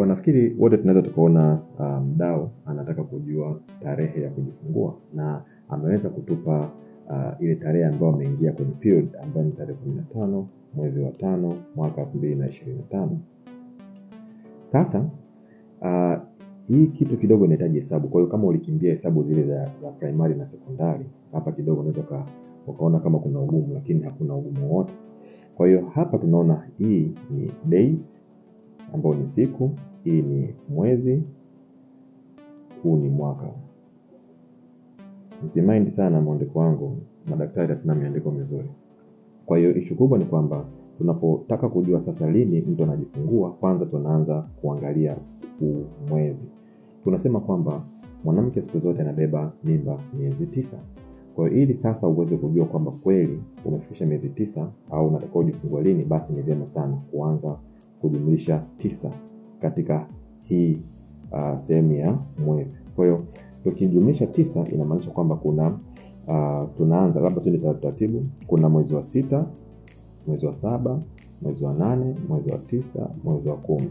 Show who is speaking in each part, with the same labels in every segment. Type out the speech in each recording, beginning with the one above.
Speaker 1: Kwa nafikiri wote tunaweza tukaona mdao um, anataka kujua tarehe ya kujifungua na ameweza kutupa uh, ile tarehe ambayo ameingia kwenye period ambayo ni tarehe kumi na tano mwezi wa tano mwaka elfu mbili na ishirini na tano. Sasa uh, hii kitu kidogo inahitaji hesabu. Kwa hiyo kama ulikimbia hesabu zile za, za primary na sekondari, hapa kidogo unaweza ka, ukaona kama kuna ugumu, lakini hakuna ugumu wote. Kwa hiyo hapa tunaona hii ni days ambao ni siku, hii ni mwezi, huu ni mwaka. Msimaindi sana mwandiko wangu, madaktari hatuna miandiko mizuri. Kwa hiyo ishu kubwa ni kwamba tunapotaka kujua sasa lini mtu anajifungua, kwanza tunaanza kuangalia huu mwezi. Tunasema kwamba mwanamke siku zote anabeba mimba miezi tisa. Kwa hiyo ili sasa uweze kujua kwamba kweli umefikisha miezi tisa au unatakiwa ujifungua lini, basi ni vyema sana kuanza kujumlisha tisa katika hii uh, sehemu ya mwezi. Kwa hiyo tukijumlisha tisa inamaanisha kwamba kuna uh, tunaanza labda tuende taratibu, kuna mwezi wa sita, mwezi wa saba, mwezi wa nane, mwezi wa tisa, mwezi wa kumi,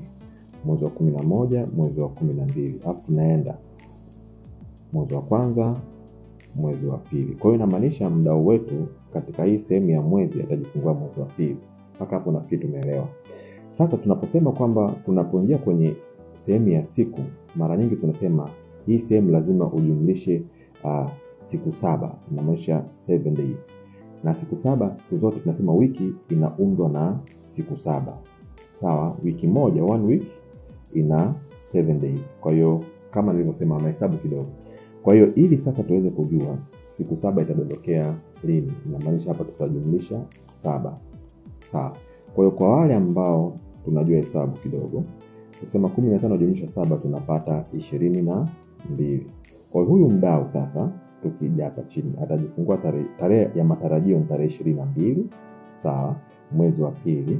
Speaker 1: mwezi wa kumi na moja, mwezi wa kumi na mbili, alafu tunaenda mwezi wa kwanza mwezi wa pili. Kwa hiyo inamaanisha mdau wetu katika hii sehemu ya mwezi atajifungua mwezi wa pili. Mpaka hapo nafikiri tumeelewa. Sasa tunaposema kwamba tunapoingia kwenye sehemu ya siku, mara nyingi tunasema hii sehemu lazima ujumlishe uh, siku saba, inamaanisha seven days, na siku saba, siku zote tunasema wiki inaundwa na siku saba, sawa. Wiki moja, one week, ina seven days. Kwa hiyo kama nilivyosema, wanahesabu kidogo kwa hiyo ili sasa tuweze kujua siku saba itadondokea lini, inamaanisha hapa tutajumlisha saba, sawa. Kwa hiyo kwa wale ambao tunajua hesabu kidogo, tukisema kumi na tano jumlisha saba tunapata ishirini na mbili. Kwa hiyo huyu mdau sasa, tukija hapa chini, atajifungua tarehe tare ya matarajio ni tarehe ishirini na mbili, sawa, mwezi wa pili.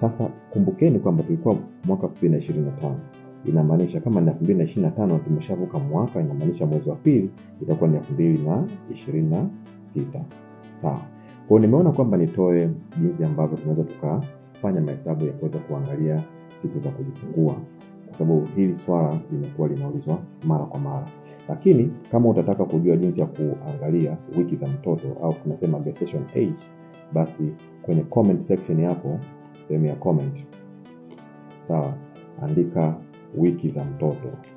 Speaker 1: Sasa kumbukeni kwamba tulikuwa mwaka elfu mbili na ishirini na tano inamaanisha kama ni 2025 tumeshavuka mwaka, inamaanisha mwezi wa pili itakuwa ni 2026. Sawa. Kwa hiyo nimeona kwamba nitoe jinsi ambavyo tunaweza tukafanya mahesabu ya kuweza kuangalia siku za kujifungua, kwa sababu hili swala limekuwa linaulizwa mara kwa mara. Lakini kama utataka kujua jinsi ya kuangalia wiki za mtoto au tunasema gestation age, basi kwenye comment section hapo, sehemu ya comment, sawa, andika wiki za mtoto.